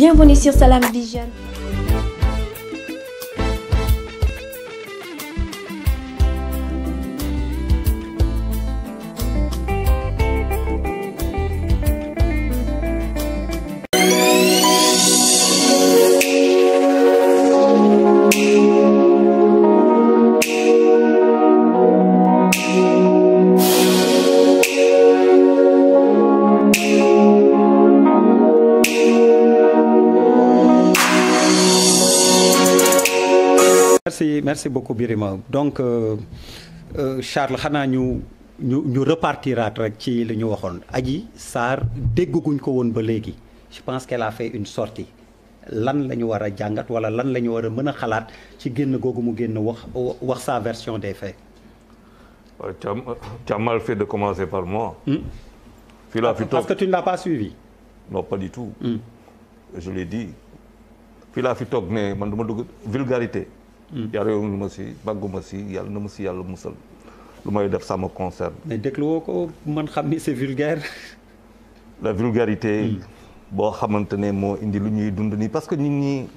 ni Bienvenue sur di Vision. merci beaucoup Birima donc euh, euh, Charles xanaa ñu ñu ñu repartiraat rek ci li ñu waxoon Adji Sarr dégguñ ko woon ba léegi je pense qu'elle la fait une sortie lan lañu ñu war a jàngat wala lan la ñu war a mën a xalaat ci génn googu mu génn wax wax sa version des faits. tu mal fait de commencer par moi. Hmm. fii laa fi toog que tu ne pas suivi. non pas du tout. Hmm. je l'ai dit. fii laa fi toog ne man dama dugg vulgarité. Mm. yar yoonu ma si bàgguma si yàlla na ma si yàlla musal lu may def sama concert mais dégluwoo ko man xam ni c'est vulgaire la vulgarité mm. boo xamante ne moo indi lu ñuy dund nii parce que nit ñi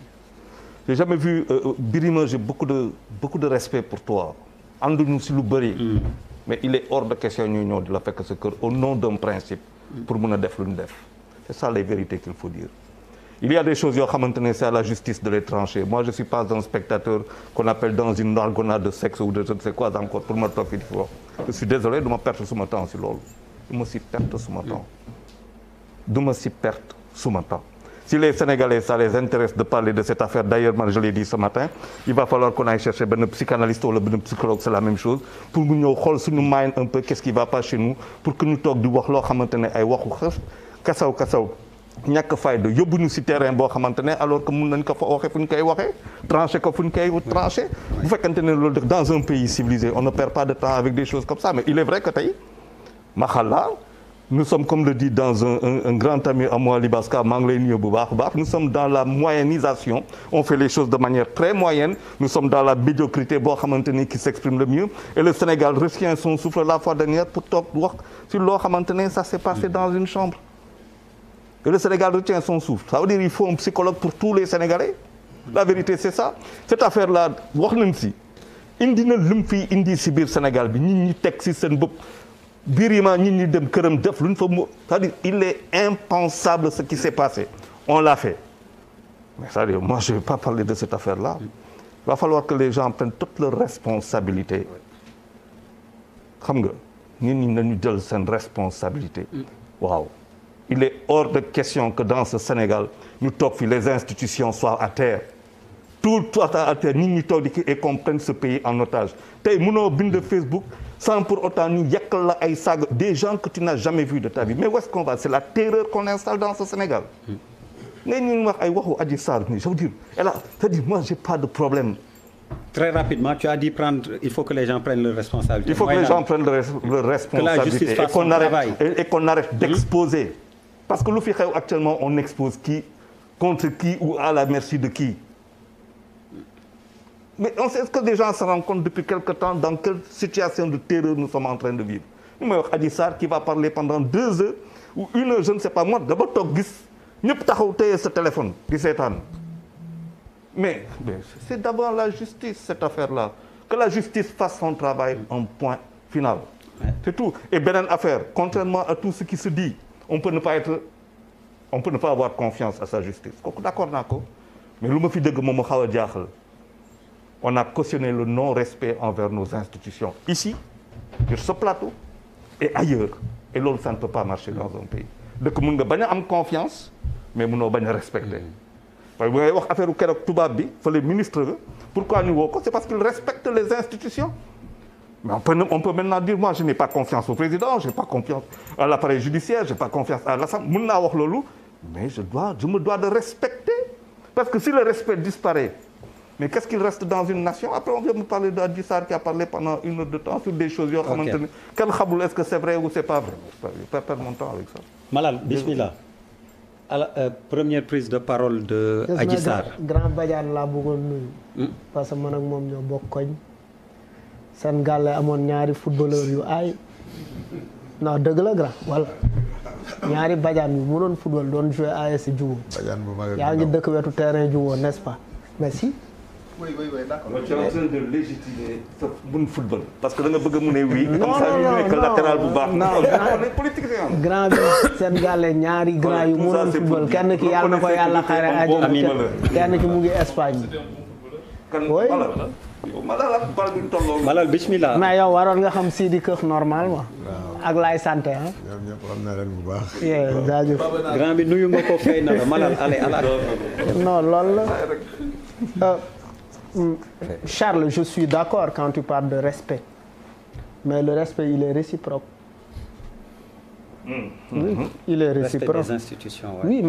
j'ai jamais vu euh, euh, Birima j'ai beaucoup de beaucoup de respect pour toi ànduñu si lu bëri mm. mais il est hors de question ñu ñëw di la fekk sa kër au nom d'un principe pour mun a def lu ñu def c'est ça les vérités qu'il faut dire il y a des choses yoo xamante ne c'est de les je suis pas un spectateur qu'on appelle dans une argonade de sexe ou de je ne sais quoi encore pour ma toog fii di fi wax je suis désolé du ma perte suma temps si loolu du ma si temps du ma si perte suma temps si les Sénégalais ça les intéresse de parler de cette affaire d'ailleurs man je l'ai dit ce matin il va falloir qu'on aille chercher benn psychanalyste wala benn psychologue c'est la même chose pour mu xool suñu mind un peu qu'est-ce qui va pas nous pour que ñu toog di wax loo xamante ne ay waxu xëf kasaw ñàkk fayda yóbbu ñu si terrain boo xamante ne alors que mun nañ ko fa waxee fu ñu koy waxee tranché bu fekkante ne loolu def dans un pays civilisé on ne perd pas de temps avec des choses comme ça mais il est vrai que tey maxalla nous sommes comme le dit dans un, grand ami à moi Libaska maa ngi lay nuyu bu baax a baax nous sommes dans la moyennisation on fait les choses de manière très moyenne nous sommes dans la médiocrité boo xamante ni qui s'exprime le mieux et le Sénégal retient son souffle la fois loo xamante ne ça s'est passé dans une que le Sénégal retient son souffle ça veut dire il faut un psychologue pour tous les Sénégalais la vérité c'est ça cette affaire là wax nañ si indi na lu fii indi si biir Sénégal bi nit ñi teg si seen bopp biir yi ma nit ñi dem këram def lu fo fa mu c'est-à-dire il est impensable ce qui s'est passé on l'a fait mais c'est-à-dire moi je vais pas parler de cette affaire là il va falloir que les gens prennent toutes leurs responsabilités xam nga nit ñi nañu jël seen responsabilité mm. waaw il est hors de question que dans ce Sénégal ñu toog fi les institutions soient à terre tout soit à terre nit ñi toog di ki et qu'on prenne ce pays en otage tey mënoo bind Facebook sans pour autant ñu yàkkal la ay saaga des gens que tu n'as jamais vu de ta vie mais où est-ce qu'on va c'est la terreur qu'on installe dans ce Sénégal nga ñu wax ay waxu Adji Sarr ni je veux dire et là c'est-à-dire moi j'ai pas de problème Très rapidement, tu as dit prendre, il faut que les gens prennent leur responsabilité. Il faut Moi que les gens prennent leur, leur responsabilité et qu'on arrête, et qu'on arrête d'exposer. Mmh. parce que lu fi xew actuellement on expose qui contre qui ou à la merci de qui mais on sait ce que des gens se rendent compte depuis quelque temps dans quelle situation de terreur nous sommes en train de vivre ñu may wax qui va parler pendant deux heures ou une heure je pas moi dama toog gis ñëpp taxaw téye sa téléphone di seetaan mais c'est d'abord la justice cette affaire-là que la justice fasse son travail en point final c'est tout et beneen affaire contrairement à tout ce on peut ne pas on peut ne pas avoir confiance à sa justice kooku d'accord naa ko mais lu ma fi dëgg moom ma xaw a jaaxal on a cautionné le non-respect envers nos institutions ici sur ce plateau et ailleurs et loolu ça ne peut pas marcher dans un pays dëkk mun nga bañ a am confiance mais mu bañ a respecter parce mm. que ngay wax bi fa le ministre pourquoi ñu woo ko c'est parce qu'il respecte les institutions Mais on peut, on peut maintenant dire moi je n'ai pas confiance au président je n'ai pas confiance à l'appareil judiciaire je n'ai pas confiance à l'Assemblée mun naa wax loolu mais je dois je me dois de respecter parce que si le respect disparaît mais qu'est-ce qu'il reste dans une nation après on vient parler d'Adji Sarr qui a parlé pendant une heure temps sur des choses yoo xamante ne kenn xamul est-ce que c'est vrai ou c'est pas vrai je vais pas perdre la euh, première prise de parole de Adji Sarr grand Badiane laa bëggoon nuyu hmm? parce que man seen gàlle amoon ñaari footballeur yu aay non dëgg la grand yu mënoon football doon joué AS Jubo yaa ngi dëkk wetu terrain Jubo n'est-ce merci oui oui parce que da bëgg a grand seen gàlle ñaari grand yu mënoon football kenn ki yàlla na ko yàlla xaare àjjana kenn ki mu ngi Espagne. kan ma Malal ak yow waroon nga xam Sidi Kër normal ma. ak laay sant ah. ñoom ñëpp bu baax. jaajëf grand bi nuyu nga ko fay na euh, Charles je suis d'accord quand tu parles de respect mais le respect il est réciproque. Hmm. oui hmm. il est réciproque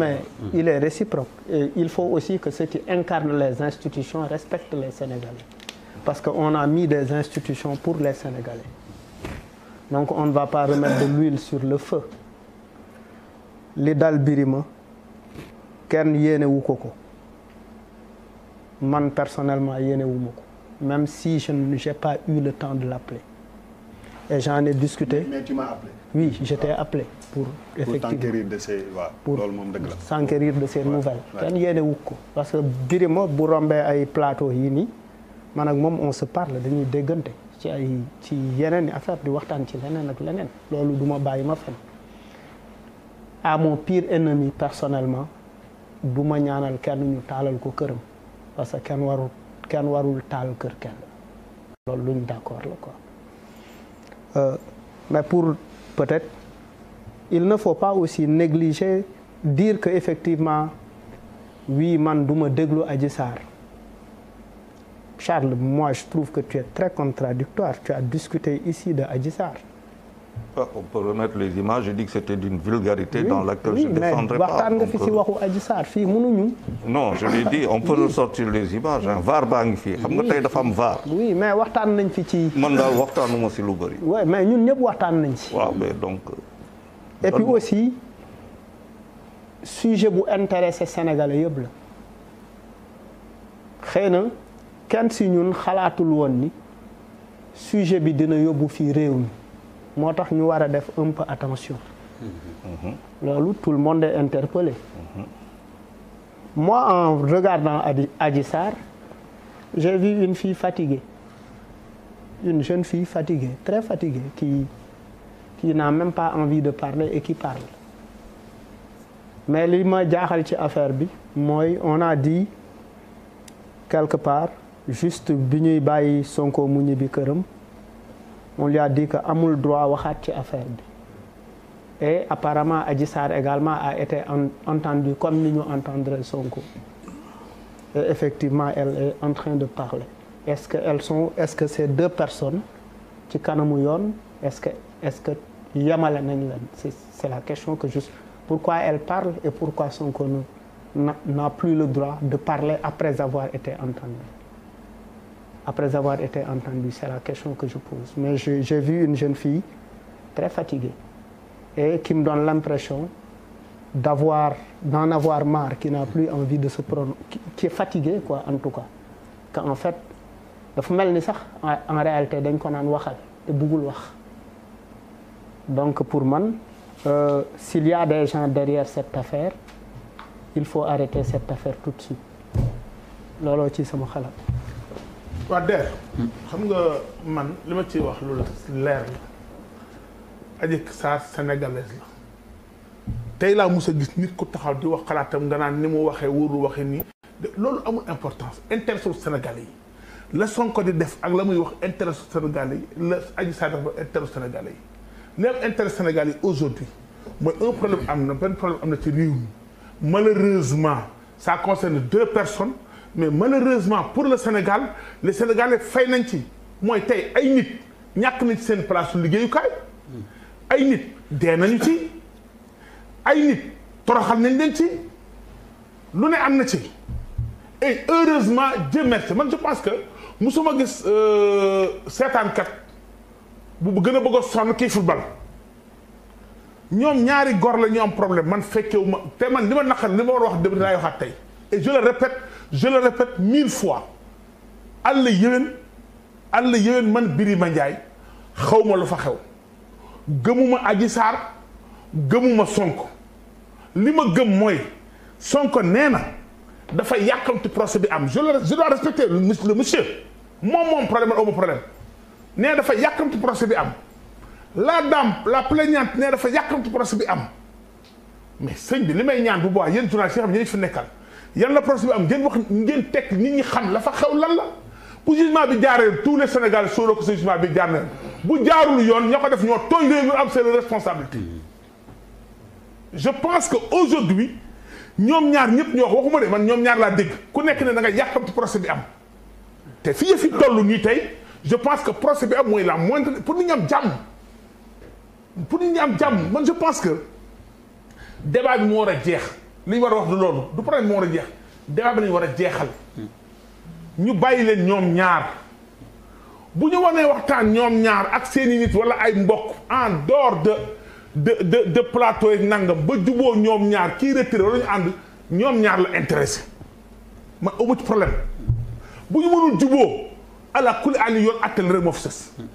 mais mmh. il est réciproque et il faut aussi que ceux qui incarnent les institutions respecte les Sénégalais. parce que on a mis des institutions pour les Sénégalais. Donc on ne va pas remettre l'huile sur le feu. li dal Birima kenn yéenewu ko ko man personnellement yéenewuma ko même si je n'ai pas eu le temps de l'appeler et j'en ai discuté mais tu m'as oui je appelé pour effectivement pour s'enquérir de ses waaw loolu moom dëgg la s'enquérir de ses nouvelles kenn yéenewu ko parce que Birima bu rombee ay plateau yii nii man ak moom on se parle dañuy déggante ci ay ci yeneen i affaire di waxtaan ci leneen ak leneen loolu duma bàyyi ma fen à mon pire ennemi personnellement du ma ñaanal kenn ñu taalal ko këram parce que kenn warul kenn warul taal kër kenn loolu luñ d'accord la quoi euh, mais pour peut-être il ne faut pas aussi négliger diir que effectivement wii man duma déglu Adji Sarr Charles, moi je trouve que tu es très contradictoire. Tu as discuté ici de Adjissar. Ah, on peut remettre les images, je dis que c'était d'une vulgarité oui, dans laquelle oui, je ne défendrai mais pas. Nga fi si euh, waxu Adji Sarr Non, je l'ai dit, on peut ressortir les images. Hein. VAR baa ngi fii xam nga tey dafa am VAR. Oui, waxtaan nañ fi ci. Man daal waxtaanuma si lu bëri. Oui, mais ñun ñëpp waxtaan nañ si. Waaw, mais donc. Euh, Et puis aussi sujet bu intéressé Sénégalais yëpp la xëy na. kenn si ñun xalaatul woon ni sujet bi dina yóbbu fii réew mi moo tax ñu war a def un peu attention mm-hmm. loolu tout le monde est interpellé mm-hmm. moi en regardant Adji Adji Sarr j'ai vu une fille fatiguée une jeune fille fatiguée très fatiguée qui qui n'a même pas envie de parler et qui parle mais li jaaxal ci affaire bi mooy on a dit quelque part juste bi ñuy bàyyi Sonko mu ñibbi këram on lui a dit que amul droit waxaat ci affaire bi et apparemment Adji Sarr également a été entendue comme ni ñu entendre Sonko et effectivement elle est en train de parler est-ce que elles sont est-ce que ces deux personnes ci kanamu yoon est-ce que est-ce que yamale nañ leen c'est c'est la question que juste pourquoi elle parle et pourquoi Sonko n'a plus le droit de parler après avoir été entendu après avoir été entendu, c'est la question que je pose. Mais j'ai vu une jeune fille très fatiguée et qui mu donne l'impression d'avoir, d'en avoir marre, qui n'a plus envie de se prendre, qui, qui, fatiguée, quoi, en tout cas. Qu'en fait, dafa mel ni sax en réalité dañ ko naan waxal te bëggul wax donc pour man euh, s'il y a des gens derrière cette affaire il faut arrêter cette affaire tout de suite looloo ci sama xalaat waa der xam nga man li ma ciy wax lu la leer la Adji Sarr sénégalaise la tey laa mus a gis nit ku taxaw di wax xalaatam nga naan ni mu waxee wóorul waxee nii loolu amul importance intéressul Sénégal yi la Sonko di def ak la muy wax intéressul Sénégal yi la Adji Sarr def ba intéressul Sénégal yi li am intérêt Sénégal yi aujourd'hui mooy un problème am na benn problème am na ci réew mi malheureusement ça concerne deux personnes mais malheureusement pour le Sénégal les Sénégalais fay nañ ci mooy tey ay nit ñàkk nañ ci seen place liggéeyukaay ay nit dee nañu ci ay nit toroxal nañ leen ci lu ne am na ci et heureusement Dieu merci man je pense que musuma gis euh, seetaankat bu gën a bëgg a sonn kii football ñoom ñaari gor la ñu am problème man fekkewu ma te man li ma xam li ma war a wax dëgg laa waxaat tey et je le je le répète mille fois àll yéwén àll yéwén man biri Birima Ndiaye xawma lu fa xew gëmuma Adji Sarr gëmuma Sonko li ma gëm mooy Sonko nee na dafa yàkkamti procès bi am je le je dois respecter le monsieur moom moom problème amu problème nee dafa yàkkamti procès bi am la dame la plaignante nee dafa yàkkamti procès bi am mais sëñ bi li may ñaan bu boobaa yéen journaliste yi xam ne ñu fi nekkal yan la procès bi am ngeen wax ngeen teg nit ñi xam la fa xew lan la bu jugement bi jaaree tous les Sénégalais sóoroo ko jugement bi jaar na bu jaarul yoon ña ko def ñoo tooñ réew mi am seen je pense que aujourd'hui ñoom ñaar ñëpp ñoo wax waxuma de man ñoom ñaar laa dégg ku nekk ne yàq nga yàqamti procès bi am te fi yëf yi nii tey je pense que procès bi am mooy la moindre pour nit ñi am jàmm pour nit ñi am jàmm man je pense que débat bi moo war a jeex liñ war a wax du loolu du problème moo war a jeex débat bi lañu war a jeexal hmm. ñu bàyyi leen ñoom ñaar bu ñu wanee waxtaan ñoom ñaar ak seeni nit wala ay mbokk en dehors de de de plateau yi nangam ba juboo ñoom ñaar kii retiré wala ñu ànd ñoom ñaar la intéressé man amu ci problème bu ñu mënul juboo ku kulli àlli yoon àtte la rek moo fi sës hmm.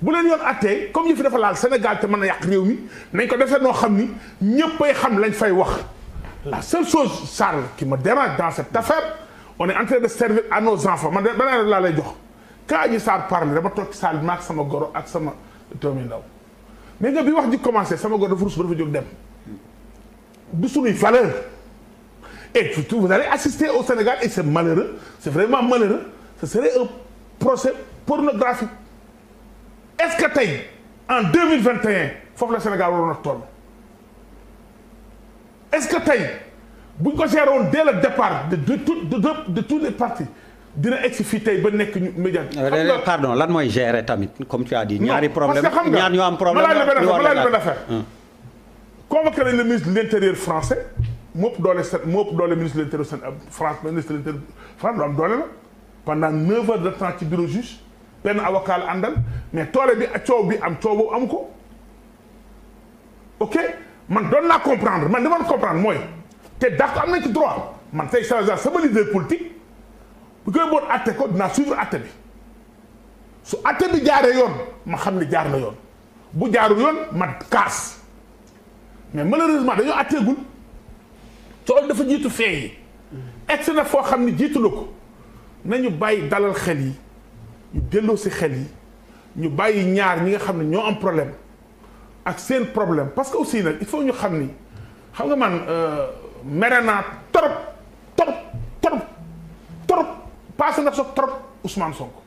bu leen yoon àttee comme ñu fi dafa laal Sénégal te mën a yàq réew mi nañ ko defee noo xam ni ñëppay xam lañ fay wax La seule chose, Charles, qui me dérange dans cette affaire, on est en train de servir à nos enfants man de laa lay jox quand Adji Sarr parle dama toog ci saal bi sama goro ak sama doomi ndaw mais nga bi wax ji commencé sama goro dafa rus ba dafa jóg dem du suñuy valeur et surtout vous allez assister au Sénégal et c'est malheureux c'est vraiment malheureux ce serait un procès pornographique est-ce que tey en deux mille vingt et foofu la Sénégal waroon a toll est-ce que tey bu ñu ko gérer woon dès le départ de de de tous les partis dina si fii tey ba nekk ñu média. Euh, euh, pardon lan mooy gérer tamit comme tu as dit. ñaari problème ñaar ñu am problème ñu war a laaj convoqué nañ le ministre de l'intérieur français moo doole seen doole ministre de l'intérieur seen euh, France ministre de l'intérieur France lu am doole la pendant neuf temps ci bureau juge benn avocat la àndal mais toole bi coow bi am coow boobu am ko man doon naa comprendre man li ma comprendre mooy te d'accord am nañ ci droit man tey Salazar sama leader politique bu koy boon atte ko dinaa suivre atte bi su atte bi jaaree yoon ma xam ne jaar na yoon bu jaarul yoon ma kaas mais malheureusement dañoo atteegul tool dafa jiitu fee yi na foo xam ne jiitu la ko nañu bàyyi dalal xel yi ñu delloo si xel yi ñu bàyyi ñaar ñi nga xam ne ñoo am problème ak seen problème parce que aussi nag il faut ñu xam ni xam nga man euh, mere naa trop trop trop trop passé na soog trop Ousmane Sonko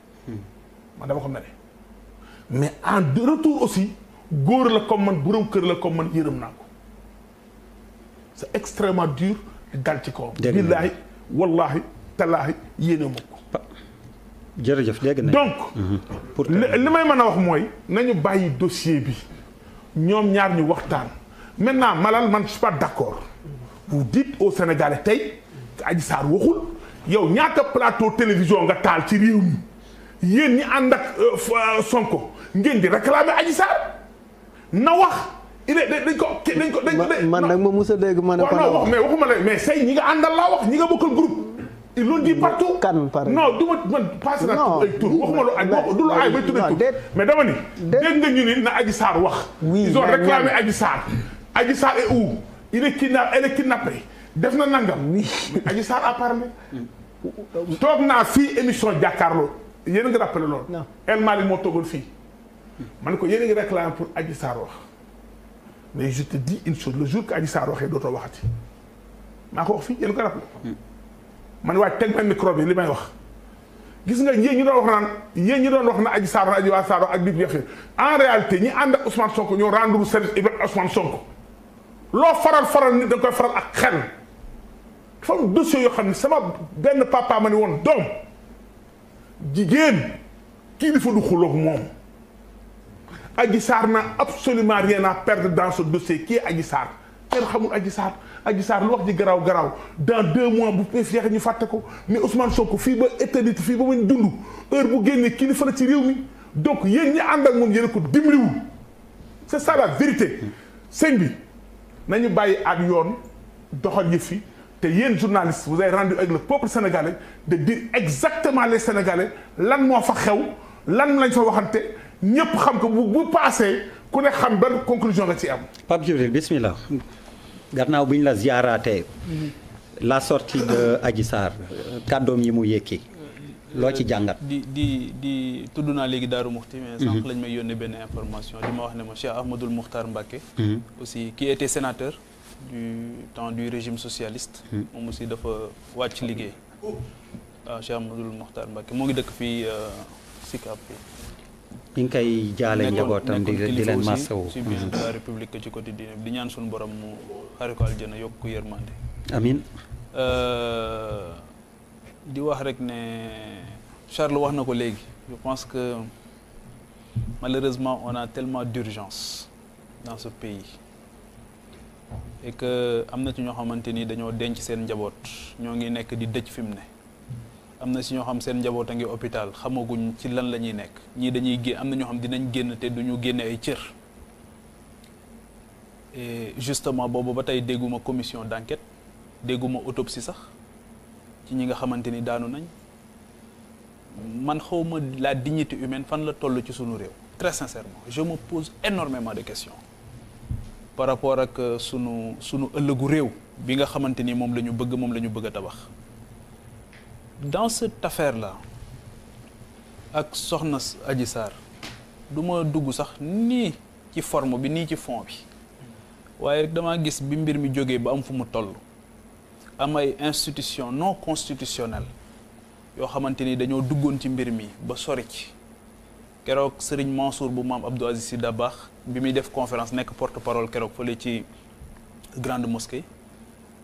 man dama ko mere mais en retour aussi góor la comme man borom kër la comme man yërëm naa ko sa extrêmement dur dal ci kawam billaahi wallaahi talaahi yéene ma ko jërëjëf na donc mhm. li li may mën a wax mooy nañu bàyyi dossier bi ñoom ñaar ñu waxtaan maintenant Malal man je suis pas d'accord vous dites aux Sénégalais tey Adji Sarr waxul yow ñaata plateau télévision nga taal ci réew yéen ñi ànd ak euh, euh, Sonko ngeen di réclamer Adji Sarr na wax il est dañ ko dañ ko dañ ko. man nag ma musa dégg ma ne ko. wax mais waxuma la mais say ñi nga àndal laa wax ñi nga bokkal groupe. ils l'ont dit partout kan pare non du ma man passé naa tur ay tur waxuma lu mais dama ni dégg nga ñu ni na Adji wax ils ont réclamé Adji Sarr Adji Sarr est où il def na nangam Adji Sarr a parlé toog naa fii émission jàkkaarloo yéen a ngi rappelé loolu El Malick moo toogoon fi man ko yéen ngi réclamé pour Adji Sarr wax mais je te dis une chose le jour que Adji Sarr waxee dootoo waxati maa ko wax fii yéen ko rappelé hmm. man waaj teg ma micro bi li may wax gis nga yéen ñi doon wax naan yéen ñi doon wax na aji saaro aji waa saaro ak di jafe en réalité ñi ànd ak Ousmane Sonko ñoo rendre service Ibrahima Ousmane Sonko loo faral faral nit da koy faral ak xel dafa am dossier yoo xam ne sama benn papa ma ne woon doom jigéen kii dafa du xuloog moom aji saar na absolument rien à perdre dans ce dossier kii aji saar kenn xamul aji saar Adji Sarr lu wax ji garaaw garaw dans deux mois bu fees yeex ñu fàtte ko mais Ousmane ko fii ba éternité fii ba mu dund heure bu génnee kilifa la ci réew mi donc yéen ñi ànd ak moom yéen ko dimbaliwul c'est ça la vérité sëñ bi nañu bàyyi ak yoon doxal yëf te yéen journaliste vous avez rendu avec le peuple sénégalais de dire exactement les sénégalais lan moo fa xew lan lañ fa waxante ñëpp xam ko bu bu paasee ku ne xam ban conclusion nga ci am. Pape Djibril bismillah. gannaaw bi ñu la ziyaaraatee mhm. la sortie de Adji Sarr kàddoom yi mu yékki loo ci jàngat di di di tudd naa léegi Daaru Muxti mais sànq mhm. lañ may yónnee benn information di ma wax ne ma Cheikh Ahmadoul Moukhtar Mbacké mhm. aussi qui était sénateur du temps du régime socialiste moom aussi dafa wàcc liggéey waaw oh. ah, Cheikh Ahmadoul Moukhtar Mbacké moo ngi dëkk fii euh, Sicap ñu ngi koy jaalee njaboot di di leen masawu. si biir de la république ci côté bi di ñaan suñu borom mu xari ko aljana yokk ku yërmande. amiin. Euh, di wax rek ne Charles wax na ko léegi je pense que malheureusement on a tellement d'urgence dans ce pays e que am na ci ñoo xamante ni dañoo denc seen njaboot ñoo ngi nekk di dëj fi mu ne. am na si ñoo xam seen njaboot a ngi hôpital xamaguñ ci lan la ñuy nekk ñii dañuy génn am na ñoo xam dinañ génn te duñu génne ay cër et justement boobu ba tey dégguma commission d'enquête dégguma autopsie sax ci ñi nga xamante ni daanu nañ man xawma laa dignité humaine fan la toll ci sunu réew très sincèrement je me pose énormément de question par rapport ak euh, sunu sunu ëllëgu réew bi nga xamante ni moom la ñu bëgg moom la ñu bëgg a tabax dans cette affaire la ak soxna Adji Sarr du ma dugg sax nii ci forme bi nii ci fond bi waaye damaa gis bi mbir mi jógee ba am fu mu toll am ay institution non constitutionnelle yoo xamante ni dañoo duggoon ci mbir mi ba sori ci keroog sëriñ Mansour bu maam Abdou Aziz Sy baax bi muy def conférence nekk porte-parole keroog fële ci grande mosquée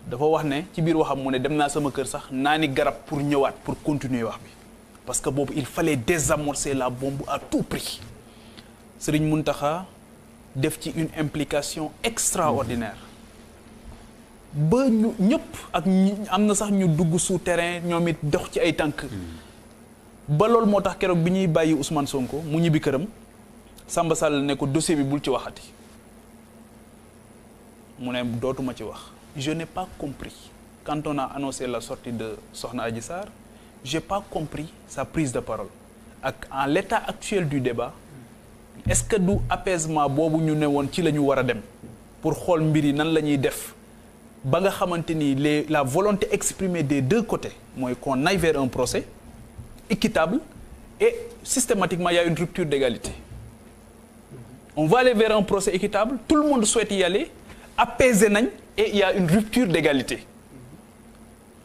dafa wax ne ci biir waxam mu ne dem naa sama kër sax naa ni garab pour ñëwaat pour continuer wax bi parce que boobu il fallait désamorcer la bombe a tout prix mun Mountakha def ci une implication extraordinaire ba ñu ñëpp ak am na sax ñu dugg souterrain ñoom it dox ci ay tànk ba loolu moo tax keroog bi ñuy bàyyi Ousmane Sonko mu ñibbi këram Samba Sall ne ko dossier bi bul ci waxati mu ne dootuma ci wax je n'ai pas compris quand on a annoncé la sortie de Sokhna Adji Sarr j'ai pas compris sa prise de parole ak en l'état actuel du débat est-ce que du apaisement boobu ñu ne woon ci la ñu war a dem pour xool mbir yi nan la ñuy def ba nga xamante ni les la volonté exprimée des deux côtés mooy qu'on aille vers un procès équitable et systématiquement il y a une rupture d'égalité on va aller vers un procès équitable tout le monde souhaite y aller apaiser nañ et il y a une rupture d'égalité.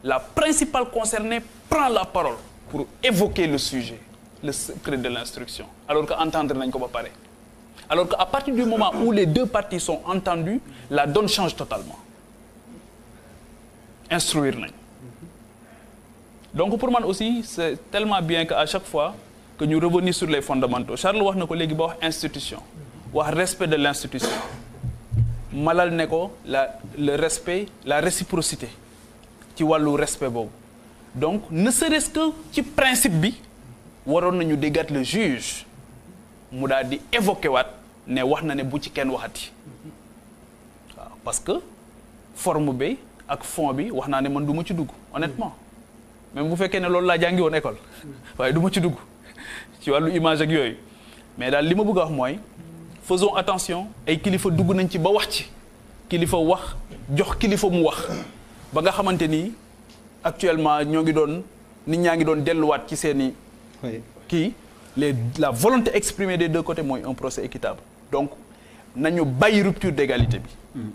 La principale concernée prend la parole pour évoquer le sujet, le secret de l'instruction, alors qu'entendre nañ ko ba pare. Alors qu'à partir du moment où les deux parties sont entendues, la donne change totalement. Instruire nañ. Donc pour man aussi c'est tellement bien qu'à chaque fois que ñu revenir sur les fondamentaux Charles wax na ko léegi ba wax institution wax respect de l'institution malal ne ko la le respect la réciprocité ci wàllu respect boobu donc ne serait que ci principe bi waroon nañu déggaat le juge mu daal di évoqué waat ne wax na ne bu ci kenn waxati waaw parce que forme bi ak fond bi wax naa ne man du ma ci dugg honnêtement même bu fekkee ne loolu laa jàngi woon école waaye duma ci dugg ci wàllu image ak yooyu mais daal li ma bëgg a wax mooy faisons attention ay kilifa dugg nañ ci ba wax ci kilifa wax jox kilifa mu wax ba nga xamante ni actuellement ñoo ngi doon nit ñaa ngi doon delluwaat ci seeni kii les la volonté exprimée des deux côtés mooy un procès équitable donc nañu bàyyi rupture d'égalité bi mm.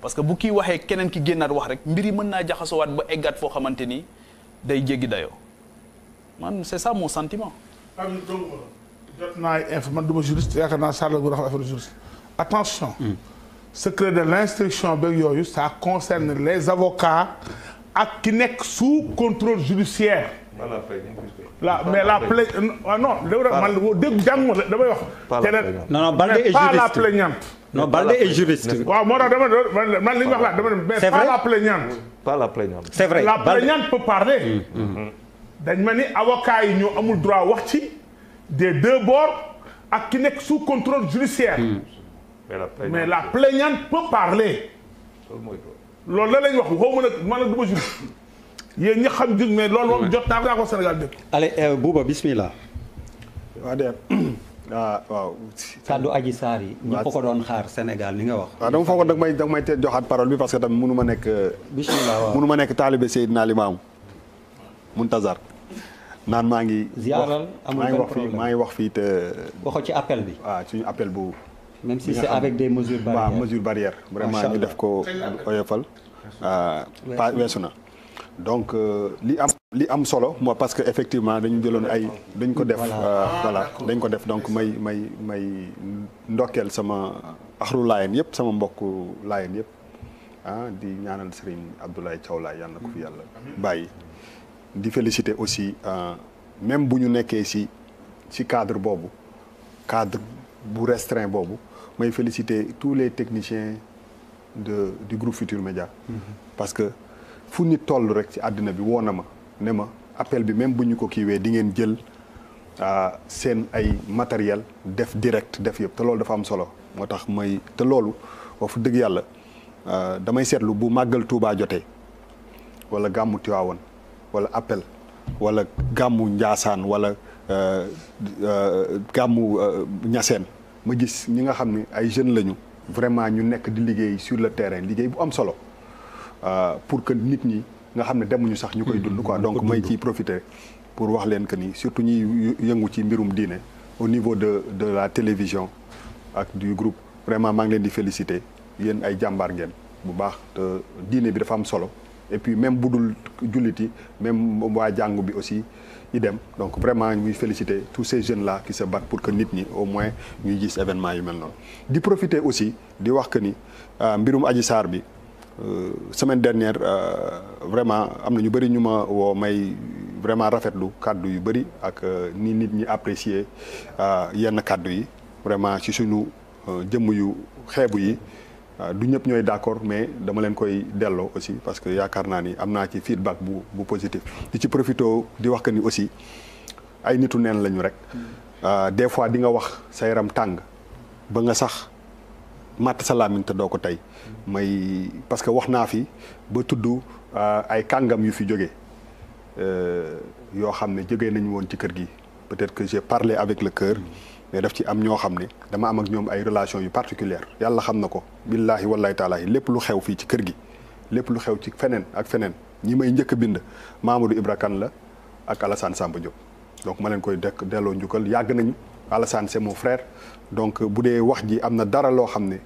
parce que bu kii waxee keneen ki génnaat wax rek mbir yi mën naa jaxasowaat ba eggaat foo xamante ni day jéggi dayoo man c'est ça mon sentiment jot naa ay info man du ma attention. Hmm. secret de l' instruction beeg yooyu sa concerne les avocats ak ki nekk su contrôle judiciaire. la mais la pla euh, ah non. man dégg jànguma damay wax. non non Balde est juriste la plaignante. non Balde est juriste. waaw moo tax dama man man li la dama ne mais pas la plaignante. pas la plaignante. parler. Hmm, hmm. dañ ma ni avocats yi ñoo amul droit wax ci. des deux bords ak ki nekk sous contrôle judiciaire hmm. mais la plaignante, mais la plaignante parler. loolu la lañ wax xaw ma nag man nag du ma jur. yéen ñi xam jur mais loolu jot naa ko Sénégal dëkk. allez euh, Bouba bismillah. Ah, waaw de aji saar yi. waaw ñëpp ko doon xaar Sénégal li nga wax. waaw dama foogoon nag may danga may joxaat parole bi parce que tamit mënu ma nekk. bismillah waaw mënu ma nekk taalibe Seydina Limaamu Muntazar naan maa ngi. ziaral maa ngi wax fii maa ngi wax fii te. waxoo ci appel bi. waaw suñu appel bu. même si c'est avec des mesures barrières waaw mesures vraiment ñu def ko oyofal. weesu ah, na. donc euh, li am li am solo moo parce que effectivement dañu jëloon ay dañ ko def voilà euh, dañ ko def donc may may may ndokkeel sama axru laayeen yëpp sama mbokku laayeen yëpp ah di ñaanal Serigne Abdoulaye Thiaw Laye yàlla ko fi yàlla bàyyi di féliciter aussi euh, même bu ñu nekkee ci ci cadre boobu cadre bu restreint boobu may féliciter tous les techniciens de du groupe Futur Média mm-hmm. parce que fu nit toll rek ci àddina bi woo na ma ne ma appel bi même bu ñu ko kiiwee di ngeen jël euh, seen ay matériel def direct def yëpp te loolu dafa am solo moo tax may te loolu wax dëgg yàlla euh, damay seetlu bu màggal Tuubaa jotee wala gàmmu Tiwaawan wala appel wala gàmmu njaasaan wala euh, euh, gàmmu ñaseen euh, ma gis ñi nga xam ni ay jeunes lañu vraiment ñu nekk di liggéey sur le terrain liggéey bu am solo pour que nit ñi nga xam ne demuñu sax ñu koy mm-hmm. dund ko donc mooy ciy profiter pour wax leen que ni surtout ñuy yëngu ci mbirum diine au niveau de de la télévision ak du groupe vraiment maa ngi leen di féliciter yéen ay jàmbaar ngeen bu baax te diine bi dafa am solo et puis même bu dul julliti même waa jàngu bi aussi dem donc vraiment ñuy féliciter tous ces jeunes là qui se battent pour que nit ñi au moins ñuy gis événement yu mel noonu. di profiter aussi di wax que ni euh, mbirum Adji Sarr bi euh, semaine dernière euh, vraiment am na ñu bëri ñu ma woo may vraiment rafetlu kàddu yu bëri ak ni nit ñi apprécier yenn kàddu yi vraiment ci suñu jëmm yu xeebu yi. Euh, du ñëpp ñooy d'accord mais dama leen koy delloo aussi parce que yaakaar naa ni am naa ci feedback bu bu positif. di ci profité di wax que ni aussi ay nitu neen lañu rek mm. euh, des fois di nga wax sa yaram tàng ba nga sax màtt sa làmmiñ te doo ko tey mm. may parce que wax naa fi ba tudd euh, ay kàngam yu fi jóge yoo xam ne jóge nañu woon ci kër gi peut-être que j'ai parlé avec le cœur. Mm. mais def ci am ñoo xam ne dama am ak ñoom ay relation yu particulière yàlla xam na ko billaahi wallaahi taalaahi lépp lu xew fii ci kër gi lépp lu xew ci feneen ak feneen ñi may njëkk bind Mamadou Ibra Kane la ak Alassane Samba Diop donc ma leen koy dekk delloo njukkal yàgg nañu Alassane c'est mon frère donc bu dee wax ji am na dara loo xam ne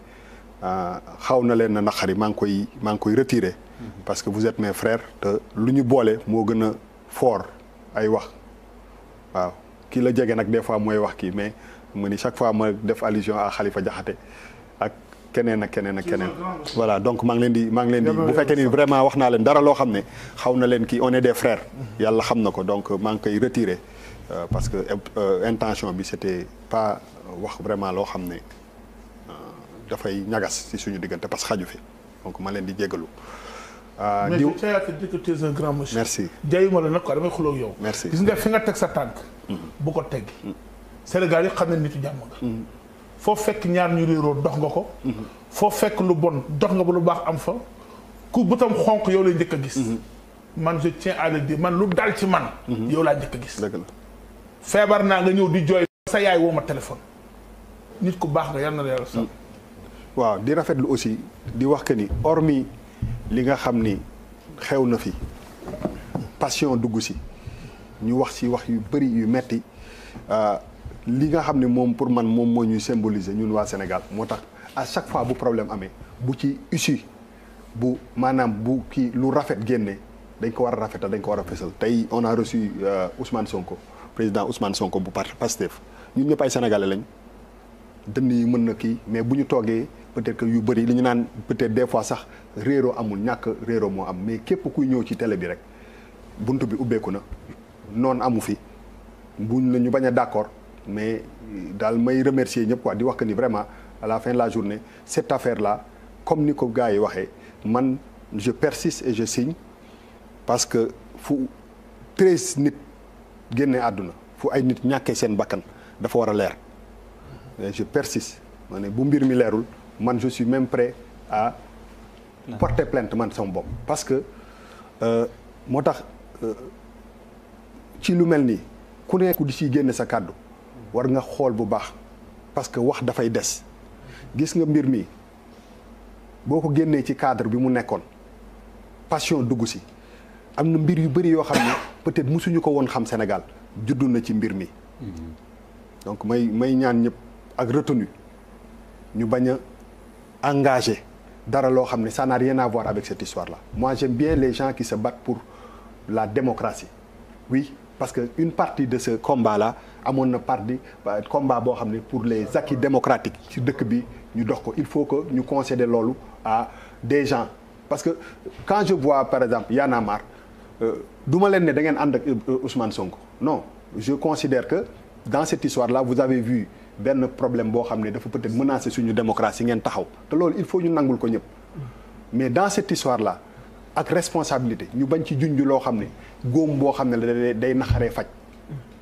euh, xaw na leen na naqari maa ngi koy maa ngi koy retiré mm-hmm. parce que vous êtes mes frères te lu ñu boole moo gën a fort ay wax waaw kii la jege nag des fois mooy wax kii mais ma ni chaque fois ma def allusion à Khalifa Diakhaté ak keneen ak keneen ak keneen voilà donc maa ngi leen di maa ngi leen di bu fekkee ni vraiment wax naa leen dara loo xam ne xaw na leen kii on est des yàlla xam na ko donc maa ngi koy retirer euh, parce que euh, intention bi c'était pas wax vraiment loo xam ne euh, dafay ñagas ci suñu diggante parce que xaju fi donc ma leen di jégalu di ca yaatu di ko tu merci jaayuma la nag quoi damay xuloo yow. merci gis nga fi nga teg sa tànk. Mm-hmm. bu ko teg. Mm-hmm. Sénégal yëpp xam ne nitu jàmm nga mm-hmm. foo fekk ñaar ñu réeroo dox nga ko mm-hmm. foo fekk lu bon dox nga ba lu baax am fa ku bëtam xonq yow lay njëkk a gis mm-hmm. man je tiens à le man lu dal ci man yow laa njëkk a gis feebar naa nga ñëw di jooy sa yaay woo ma téléphone nit ku baax nga yal na la yàlla sax waaw di rafetlu aussi di wax que ni hormis li nga xam ni xew na fi passion dugg si ñu wax si wax yu bari yu metti euh, li nga xam ne moom pour man moom moo ñuy symboliser ñun waa Sénégal moo tax à chaque fois bu problème amee bu ci issue bu maanaam bu kii lu rafet génne dañ ko war a rafetal dañ ko war a fësal tey on a reçu euh, Sonko président Ousmane Sonko bu parti Pastef ñun ñëpp ay sénégalais lañ dënn yi mën na kii mais bu ñu toogee peut-être yu bëri li ñu naan peut-être des fois sax réeroo amul ñàkk réeroo moo am mais képp kuy ñëw ci tele bi rek bunt bi ubbeeku na noonu amu fi buñ la bañ a d'accord mais daal may remercier ñëpp quoi di wax que ni vraiment à la fin de la journée cette affaire la comme ni ko gars yi waxee man je persiste et je signe parce que fu treize nit génne àdduna fu ay nit ñàkkee seen bakkan dafa war a leer je persiste ma bu mbir mi leerul man je suis même près à porter plainte man sama bopp parce que euh, moo tax euh, ci lu mel nii ku nekk di si génne sa kàddu war nga xool bu baax parce que wax dafay des gis nga mbir mi boo ko génnee ci cadre bi mu nekkoon passion dugg si am na mbir yu bëri yoo xam ne peut-être musuñu ko woon xam senegal juddu na ci mbir mi donc may may ñaan ñëpp ak retenu ñu bañ a engagé dara loo xam ne ça n'a rien à voir avec cette histoire la mois j'aime bien les gens qui se battent pour la démocratie parce que une partie de ce combat là amoon na partie euh, combat boo xam ne pour les acquis démocratiques ci dëkk bi ñu dox ko il faut que ñu concéder loolu à des gens parce que quand je vois par exemple Y'en a marre euh, du ma leen ne da ngeen ànd ak euh, Ousmane sonk non je considère que dans cette histoire là vous avez vu benn problème boo xam ne dafa peut-être menacer suñu démocratie ngeen taxaw te loolu il faut ñu nangul ko ñëpp mais dans cette histoire là ak responsabilité ñu bañ ci junj loo xam ne góom boo xam ne la day naxaree faj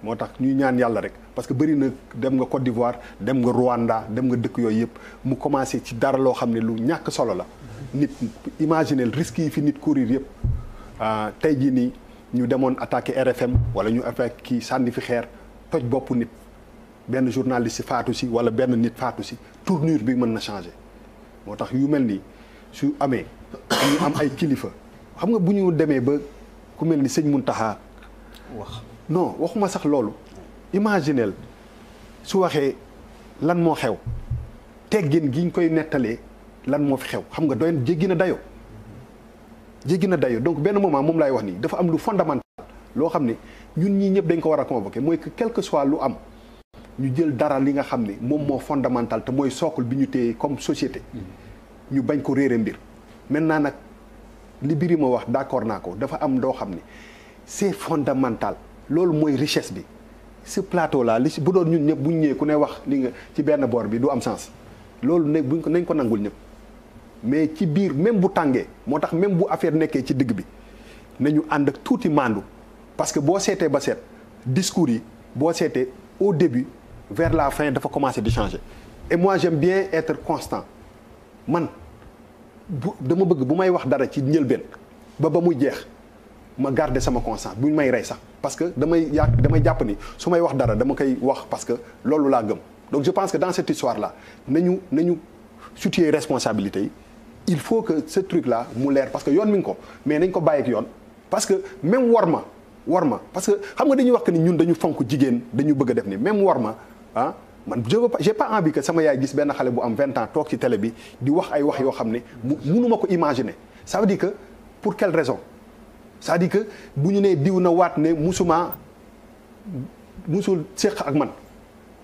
moo tax ñuy ñaan yàlla rek parce que bëri na dem nga Côte d'Ivoire dem nga Rwanda dem nga dëkk yooyu yëpp mu commencé ci dara loo xam ne lu ñàkk solo la nit imaginez risques yi fi nit courir yëpp ah, tey jii nii ñu demoon attaqué RFM wala ñu attaqué kii sànni fi xeer toj bopp nit benn journaliste faatu si wala benn nit faatu si tournure bi mën na changé moo tax yu mel nii su amee ñu am ay kilifa xam nga bu ñu demee ba ku mel ni sëñ Muntaxa wax non waxuma sax loolu imaginel su waxee lan moo xew teggin gi ñu koy nettalee lan moo fi xew xam nga doy jéggi na dayoo jéggi na dayoo donc benn moment moom laay wax nii dafa am lu fondamental loo xam ne ñun ñii ñëpp dañ ko war a convoqué mooy que quel que soit lu am ñu jël dara li nga xam ne moom moo fondamental te mooy sookul bi ñu téye comme société mm-hmm. ñu bañ ko réere mbir maintenant nag li biri ma wax d'accord naa ko dafa am doo xam ni c'est fondamental loolu mooy richesse bi ce plateau là li bu doon ñun ñëpp bu ñu ñëwee ku ne wax li nga ci benn boor bi du am sens loolu ne buñ ko nañ ko nangul ñëpp mais ci biir même bu tàngee moo tax même bu affaire nekkee ci digg bi ñu ànd ak tuuti maandu parce que boo seetee ba seet discours yi boo seetee au début vers la fin dafa commencer di changer et moi j'aime bien être constant man bu dama bëgg bu may wax dara ci njëlbeen ba ba mu jeex ma garde sama conscience buñ may rey sax parce que damay yaa damay jàpp ni su may wax dara dama koy wax parce que loolu laa gëm donc je pense que dans cette histoire là nañu nañu situer responsabilité yi il faut que ce truc là mu leer parce que yoon mi ko mais nañ ko bàyyi ak yoon parce que même war ma war ma parce que xam nga dañuy wax que ni ñun dañu fonk jigéen dañu bëgg a def ni même war ma ah man je veux pas j'ai sama yaay gis benn xale bu am vingt ans toog ci télé bi di wax ay wax yoo xam ne munuma ko imaginer ça veut dire que pour quelle raison ça veut dire que bu ñu nee diw na waat ne musuma musul séq ak man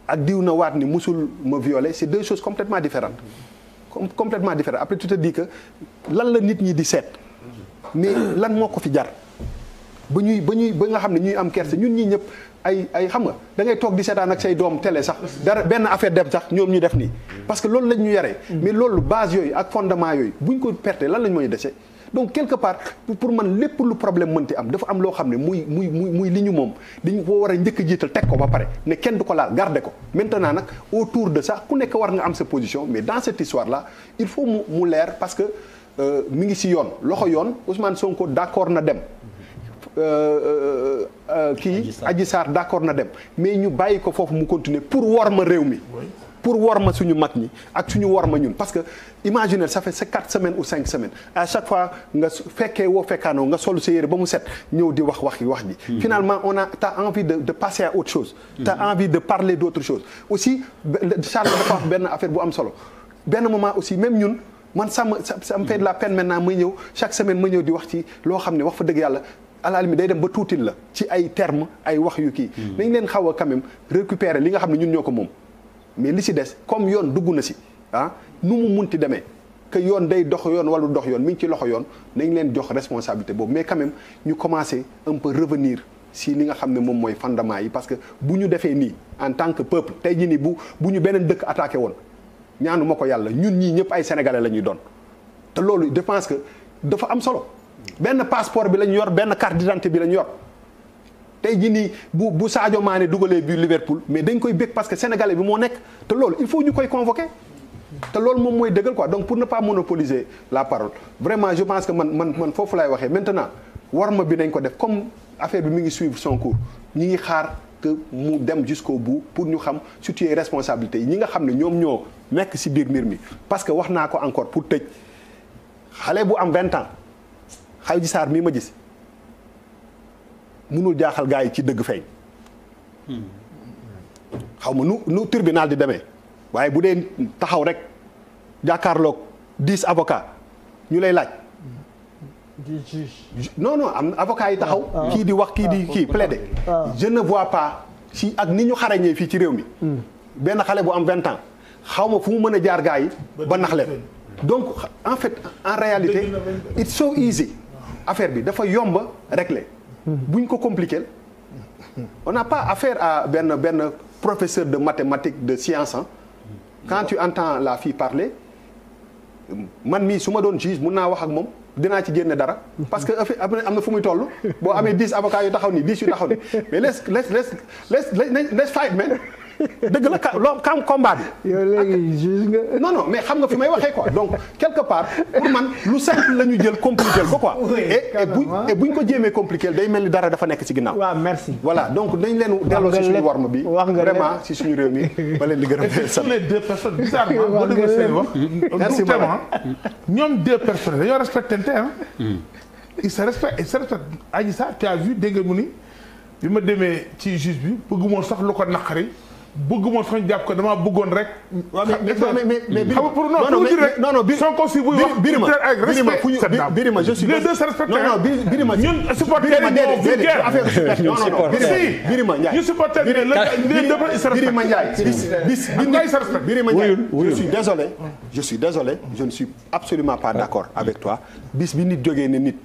ak diw na waat ni musul ma violer c'est deux choses complètement différentes comme complètement différentes après tu te dis que lan la nit ñi di seet mais lan moo ko fi jar ba ñuy ba ñuy ba nga xam ne ñuy am kerse ñun ñi ñëpp ay ay xam nga dangay toog di seetaan ak say doom télé sax dara benn affaire dem sax ñoom ñu def nii parce que loolu lañu ñu yaree mm. mais loolu base yooyu ak fondement yooyu buñ ko perte lan lañ mooy dese donc quelque part pour man lépp lu problème mënti am dafa am loo xam ne muy muy muy muy li ñu moom dañu ko war a njëkk jiital teg ko ba pare ne kenn du ko laal garder ko maintenant nag autour de sax ku nekk war nga am sa position mais dans cette histoire là il faut mu mu leer parce que euh, mi ngi si yoon loxo yoon Ousmane Sonko d'accord na dem Euh, euh, euh, kii Adji Sarr d'accord na dem mais ñu bàyyi ko foofu mu continuer pour wor ma réew mi pour wor ma suñu mat ñi ak suñu wor ma ñun parce que imaginez ça sa quatre semaine ou cinq semaine à chaque fois nga fekkee woo fekkaanoo nga sol sa yére ba mu set ñëw di wax wax yi wax ji mhm. finalement on a t'as envie de de passer à autre chose mhm. t'as envie de parler d'autre chose aussi Charles dafa wax benn affaire bu am solo benn moment aussi même ñun man ça me ça la peine maintenant ñëw chaque semaine ma ñëw di wax ci loo xam ne wax fa dëgg yàlla à mi day dem ba tuutil la ci ay terme ay wax yu kii. Hmm. nañ leen xaw a quand même li nga xam ne ñun ñoo ko moom. mais li si des comme yoon dugg na si ah nu mu mun munti demee que yoon day dox yoon wala dox yoon mi ngi ci loxo yoon nañ leen jox responsabilité boobu mais quand ñu commencer un peu revenir si li nga xam ne moom mooy fondement yi parce que bu ñu defee nii en tant que peuple tey jii nii bu bu ñu beneen dëkk attaqué woon ñaanu ma ko yàlla ñun ñii ñëpp ay sénégalais la ñuy doon te loolu je pense que dafa am solo. benn passeport bi lañ yor benn carte d'identité bi lañ yor tey jii nii bu bu Sadio Mané dugalee bi Liverpool mais dañ koy bég parce que sénégalais bi moo nekk te loolu il faut ñu koy convoquer te loolu moom mooy dëggal ko donc pour ne pas monopoliser la parole vraiment je pense que man man man foofu laay waxee maintenant war ma bi nañ ko def comme affaire bi mu ngi suivre son cours ñi ngi xaar que mu dem jusqu'au bu pour ñu xam situer responsabilité yi ñi nga xam ne ñoom ñoo nekk ci biir mbir mi parce que wax naa ko encore pour tëj xale bu am vingt ans Adji Sarr mii ma gis mënul jaaxal gars yi ci dëgg feeñ xaw ma nu nu tribunal di demee waaye bu dee taxaw rek jàkkaarloog dix avocats ñu lay laaj. non non am avocat yi taxaw. Ah, ah. kii di wax kii di ah, kii plaider. je ne vois pas si ak ni ñu xarañee fii ci réew mi. Hmm. benn xale bu am vingt ans xaw ma fu mu mën a jaar gars yi ba nax donc en fait en réalité it's so easy. affaire bi dafa yomb régler bu ñu ko compliquer on n'a pas affaire à benn benn professeur de mathématiques de science hein. quand en entends la fi parler man mii su ma doon juge mun naa wax ak moom dinaa ci génne dara parce que am na fu muy toll boo amee dix avocats yu taxaw nii dix yu taxaw nii mais let's let's let's let's let's fight man dëgg la ka loo kam combat bi. yow léegi juge nga. non mais xam nga fi may waxee quoi donc quelque part pour man lu simple la ñu jël compliqué ko quoi. et buñ et buñ ko jéemee compliqué day mel ni dara dafa nekk ci ginnaaw. waaw merci. voilà donc dañ leen delloo si suñu warma bi si suñu réew mi ba leen di gërëm di sant. les deux personnes bizarrement boo déggee seen wax. merci ñoom deux personnes dañoo respectante ah. Hmm. il se respecte il se respecte Adji Sarr tu vu dégg mu ni bi ma demee ci juge bi bëggumoon sax lu ko naqari. bëgguma soñ jàpp ko damaa bëggoon rek. waaw mais mais mais Birima xam pour non pour rek. non non Sonko si buy wax Birima Birima fu ñu Birima je suis. les deux se respectent non non Birima ñun supporter yi ñoo vulgaire affaire supporter non non Birima Ndiaye. ñu supporter ne les deux se respectent Birima Ndiaye. bis Ndiaye se respecte Birima Ndiaye je suis désolé. je suis désolé je ne suis absolument pas d'accord avec toi hmm. bis bi nit jógee ne nit.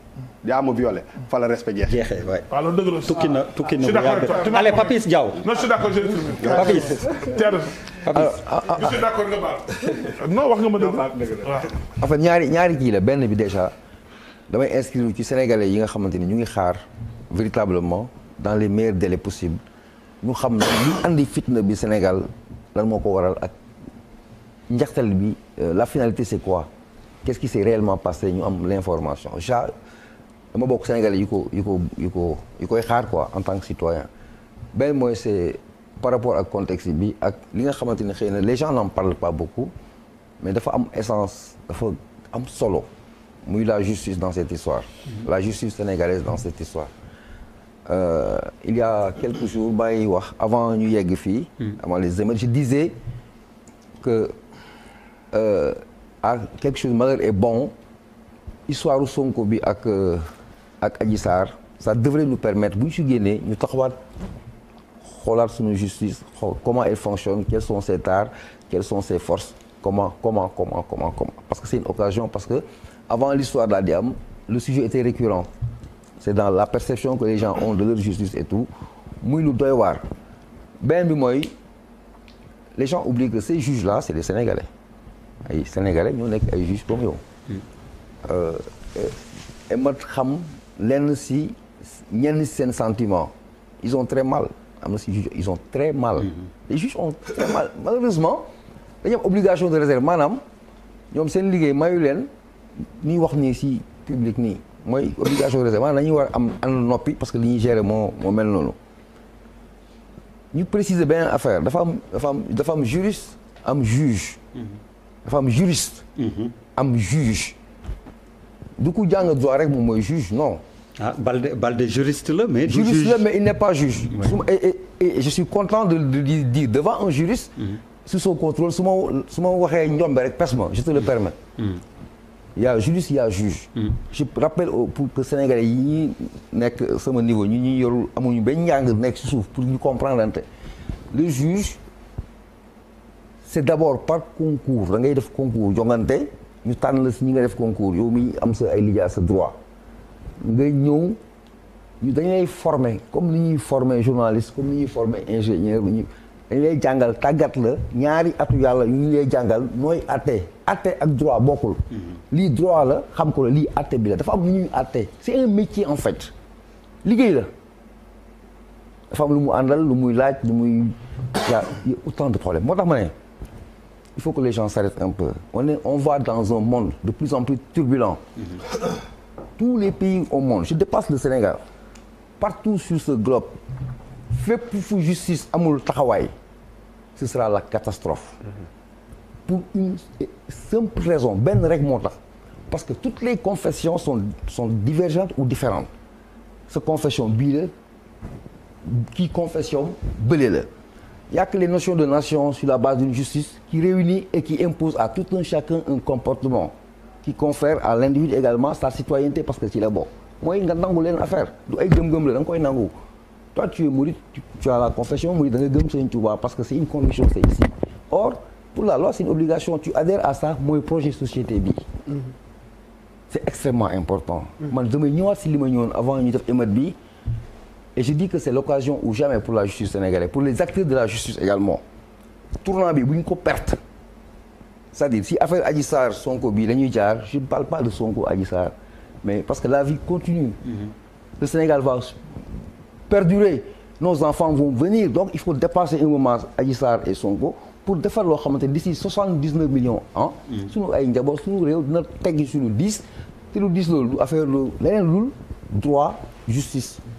yaa ma violé fa la respect jeexee waaw loolu dëgg la tukki na tukki na bu yàgg allez Papis Diaw non je suis d'accord Papis je suis d'accord nga baal non wax nga ma dëgg en fait ñaari ñaari kii la benn bi déjà damay inscrire ci sénégalais yi nga xamante ni ñu ngi xaar véritablement dans les meilleurs délais possibles ñu xam ne li andi fitna bi Sénégal lan moo ko waral ak njaxtal bi euh, la finalité c'est quoi qu'est-ce qui s'est réellement passé ñu am l'information ja dama bokk Sénégalais yu ko yu ko yu ko yu koy xaar quoi en tant que citoyen benn mooy c'est par rapport ak contexte bi ak li nga xamante ne xëy na les gens n'en parlent pas beaucoup mais dafa am essence dafa am solo muy la justice dans cette histoire mhm. la justice sénégalaise dans cette histoire Euh, il y a quelques jours wax avant ñu yegg fii. Mhm. avant les émeutes je disais que euh, à quelque chose malheur est bon histoire Sonko bi ak. Euh, ak Adji Sarr ça devrait nous permettre bu ñu si génnee ñu taxawaat xoolaat suñu justice xool comment elle fonctionne quels sont ses tares quelles sont ses forces comment comment comment comment parce que c'est une occasion parce que avant l'histoire daal di am le sujet était récurrent c'est dans la perception que les gens ont de leur justice et tout muy lu doy waar benn bi mooy les gens oublient que ces juges là c'est des Sénégalais ay Sénégalais ñoo nekk ay juges comme yow. Mm. Euh, lenn si ñenn seen sentiment ils ont très mal am na si juge ils ont très mal. Mm-hmm. les juges ont très mal malheureusement dañu am obligation de réserve maanaam ñoom seen liggéey mayu leen ñuy wax ni si public nii mooy obligation de réserve maanaam dañuy war am ànd noppi parce que li ñuy gérer moo moo mel noonu. ñu préciser benn affaire dafa am dafa am dafa am juriste am juge. Mm-hmm. dafa am juriste. Mm-hmm. am juge. du ko jàng droit rek moom mooy juge non. ah Balde Balde juriste la mais. du juriste la mais il n'est pas juge. Ouais. Et, je suis content de de dire devant un juriste. Mm -hmm. sous su ma su ma waxee njombe rek pes ma je te le permets. Mm -hmm. il y a juge. Mm-hmm. je rappelle pour que sénégalais yi ñuy nekk sama niveau ñi ñuy yorul amuñu ba njàng nekk si suuf pour ñu comprendre ante le juge c'est d'abord par concours da ngay def concours jongante. ñu tànn la si ñi nga def concours yow mi am sa ay lijaa sa droit nga ñëw ñu dañ lay comme ni ñuy former journaliste comme ni ñuy former ingénieur ñu dañ lay jàngal tàggat la ñaari atu yàlla ñu lay jàngal nooy atte atte ak droit bokkul mm-hmm. lii droit la xam ko la lii atte bi la dafa am lu ñuy atte c'est un métier en fait liggéey la dafa am lu mu àndal lu muy laaj lu muy a autant de problèmes moo tax il faut que les gens s'arrêtent un peu. On, va dans un monde de plus en plus turbulent. Mm-hmm. Tous les pays au monde, je dépasse le Sénégal, partout sur ce globe, fait pour justice amul taxawaay, ce sera la catastrophe. Mm-hmm. Pour une simple raison, benn rek moo tax. Parce que toutes les confessions sont, sont divergentes ou différentes. Sa confession bii la, kii confession bële la. Il n'y a les notions de nation sur la base d'une justice qui réunit et qui impose à tout un chacun un comportement qui confère à l'individu également sa citoyenneté parce que ci la bokk mooy nga nangu leen affaire du ay gëm-gëm la da koy nangu toi tu la confession mouride da nga gëm Sëriñ Tuubaa parce que c'est une conviction c'est ici or pour la loi c'est une obligation tu adhères à ça mooy projet société bi mm-hmm. c'est extrêmement important mm-hmm. man damay ñëwaat si li ma ñëwoon avant ñu def émat bi et je dis que c'est l'occasion ou jamais pour la justice sénégalaise pour les acteurs de la justice également tournant bi bu ñu ko perte c'est-à-dire si affaire Adji Sonko bi la ñuy jaar je ne parle pas de Sonko Adji mais parce que la vie continue mm-hmm. le Sénégal va perdurer nos enfants vont venir donc il faut dépasser un moment Adji Sarr et Sonko pour defar loo xamante d'ici soixante-dix-neuf millions an mm. suñu ay njaboot suñu réew dina teggi suñu dix te lu dix loolu du affaire loolu leneen lul